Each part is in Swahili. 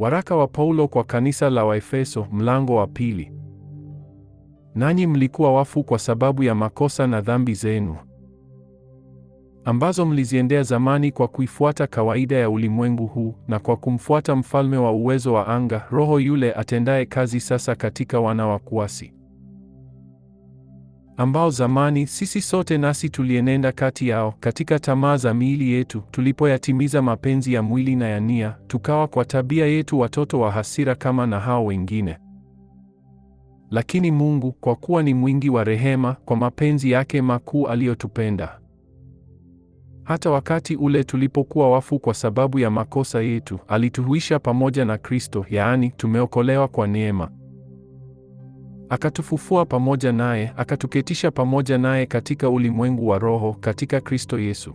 Waraka wa Paulo kwa kanisa la Waefeso, mlango wa pili. Nanyi mlikuwa wafu kwa sababu ya makosa na dhambi zenu ambazo mliziendea zamani kwa kuifuata kawaida ya ulimwengu huu na kwa kumfuata mfalme wa uwezo wa anga, roho yule atendaye kazi sasa katika wana wa kuasi ambao zamani sisi sote nasi tulienenda kati yao katika tamaa za miili yetu, tulipoyatimiza mapenzi ya mwili na ya nia, tukawa kwa tabia yetu watoto wa hasira kama na hao wengine. Lakini Mungu, kwa kuwa ni mwingi wa rehema, kwa mapenzi yake makuu aliyotupenda, hata wakati ule tulipokuwa wafu kwa sababu ya makosa yetu, alituhuisha pamoja na Kristo, yaani tumeokolewa kwa neema akatufufua pamoja naye, akatuketisha pamoja naye katika ulimwengu wa roho katika Kristo Yesu,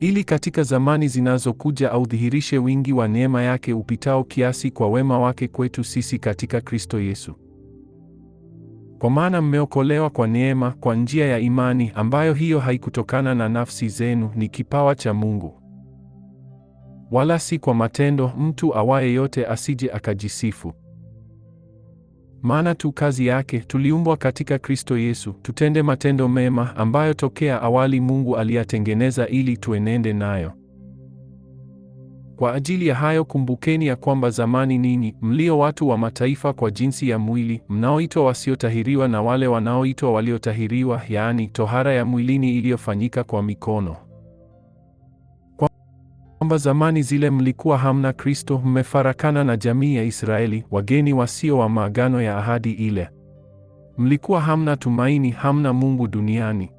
ili katika zamani zinazokuja audhihirishe wingi wa neema yake upitao kiasi kwa wema wake kwetu sisi katika Kristo Yesu. Kwa maana mmeokolewa kwa neema, kwa njia ya imani, ambayo hiyo haikutokana na nafsi zenu, ni kipawa cha Mungu, wala si kwa matendo, mtu awaye yote asije akajisifu. Maana tu kazi yake tuliumbwa katika Kristo Yesu, tutende matendo mema ambayo tokea awali Mungu aliyatengeneza ili tuenende nayo. Kwa ajili ya hayo kumbukeni ya kwamba zamani ninyi mlio watu wa mataifa kwa jinsi ya mwili, mnaoitwa wasiotahiriwa na wale wanaoitwa waliotahiriwa, yaani tohara ya mwilini iliyofanyika kwa mikono kwamba zamani zile mlikuwa hamna Kristo, mmefarakana na jamii ya Israeli, wageni wasio wa maagano ya ahadi ile. Mlikuwa hamna tumaini, hamna Mungu duniani.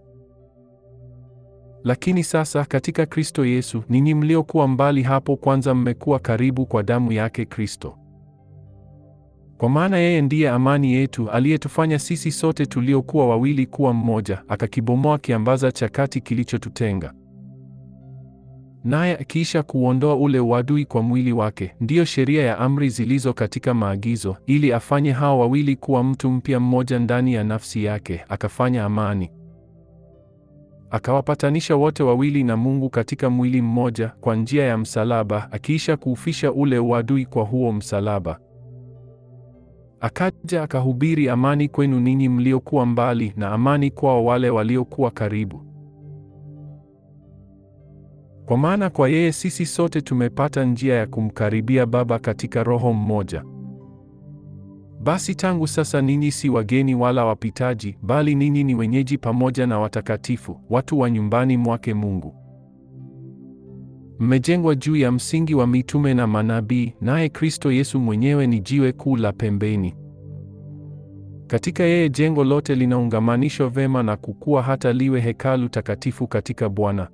Lakini sasa katika Kristo Yesu, ninyi mliokuwa mbali hapo kwanza mmekuwa karibu kwa damu yake Kristo. Kwa maana yeye ndiye amani yetu, aliyetufanya sisi sote tuliokuwa wawili kuwa mmoja, akakibomoa kiambaza cha kati kilichotutenga naye akiisha kuondoa ule uadui kwa mwili wake, ndiyo sheria ya amri zilizo katika maagizo, ili afanye hao wawili kuwa mtu mpya mmoja ndani ya nafsi yake, akafanya amani akawapatanisha wote wawili na Mungu katika mwili mmoja kwa njia ya msalaba, akiisha kuufisha ule uadui kwa huo msalaba. Akaja akahubiri amani kwenu ninyi mliokuwa mbali na amani kwao wale waliokuwa karibu. Kwa maana kwa yeye sisi sote tumepata njia ya kumkaribia Baba katika Roho mmoja. Basi tangu sasa ninyi si wageni wala wapitaji, bali ninyi ni wenyeji pamoja na watakatifu, watu wa nyumbani mwake Mungu. Mmejengwa juu ya msingi wa mitume na manabii, naye Kristo Yesu mwenyewe ni jiwe kuu la pembeni. Katika yeye jengo lote linaungamanishwa vema na kukua hata liwe hekalu takatifu katika Bwana.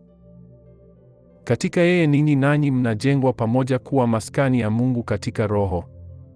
Katika yeye ninyi nanyi mnajengwa pamoja kuwa maskani ya Mungu katika Roho.